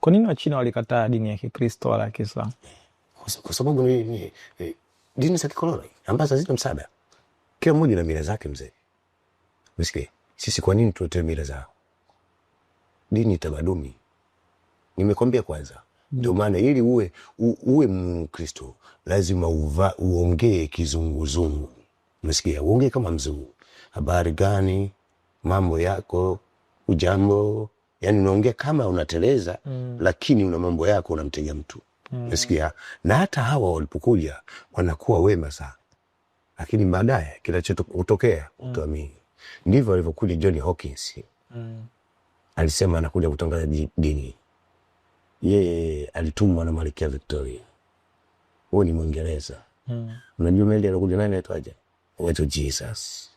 Kwa nini Wachina walikataa dini ya Kikristo wala ya Kiislamu? Kwa sababu ni, ni, dini za kikoloni ambazo hazina msaada. Kila mmoja na mila zake, mzee. sisi, kwa nini mila zao? Dini tamaduni, nimekwambia kwanza mm. ndio maana ili uwe uwe Mkristo lazima uva, uongee kizunguzungu. uongee kama mzungu. Habari gani? Mambo yako? Ujambo? yani unaongea kama unateleza mm. lakini una mambo yako unamtega mtu mm. nasikia na hata hawa walipokuja wanakuwa wema sana, lakini baadaye kinachotokea mm. Ndivyo alivyokuja John Hawkins mm. alisema anakuja kutangaza dini, yeye alitumwa na malikia Victoria, huyu ni Mwingereza mm. unajua meli alikuja nani, aitwaje? wetu Jesus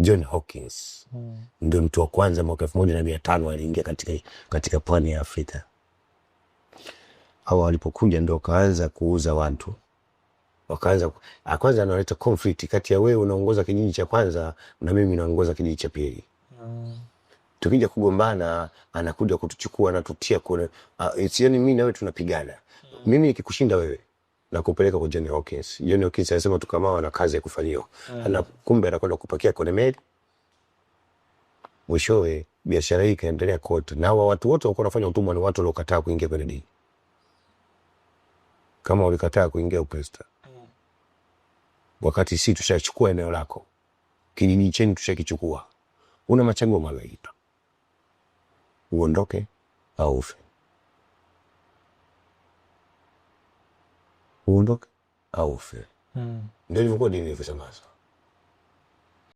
John Hawkins mm. ndio mtu wa kwanza mwaka elfu moja na mia tano aliingia katika, katika pwani ya Afrika. Hawa walipokuja ndo wakaanza kuuza watu, wakaanza ah, kwanza, analeta conflict kati ya wewe unaongoza kijiji cha kwanza na mimi naongoza kijiji cha pili mm. tukija kugombana anakuja kutuchukua anatutia, ah, yani mimi na tunapigana mm. mimi nikikushinda wewe na kupeleka kwa John Hawkins. John Hawkins anasema tu kama ana kazi ya kufanyiwa. Mm. Ana kumbe anakwenda kupakia kwenye meli. Mwishowe biashara hii ikaendelea kote. Na wa watu wote walikuwa wanafanya utumwa ni watu waliokataa kuingia kwenye dini. Kama ulikataa kuingia Ukristo. Mm. Wakati sisi tushachukua eneo lako. Kijiji chenu tushakichukua. Una machaguo mawili. Uondoke au ufe. kuondoka au ufe. Mm. Ndio ilivyokuwa dini ya Kisamaso.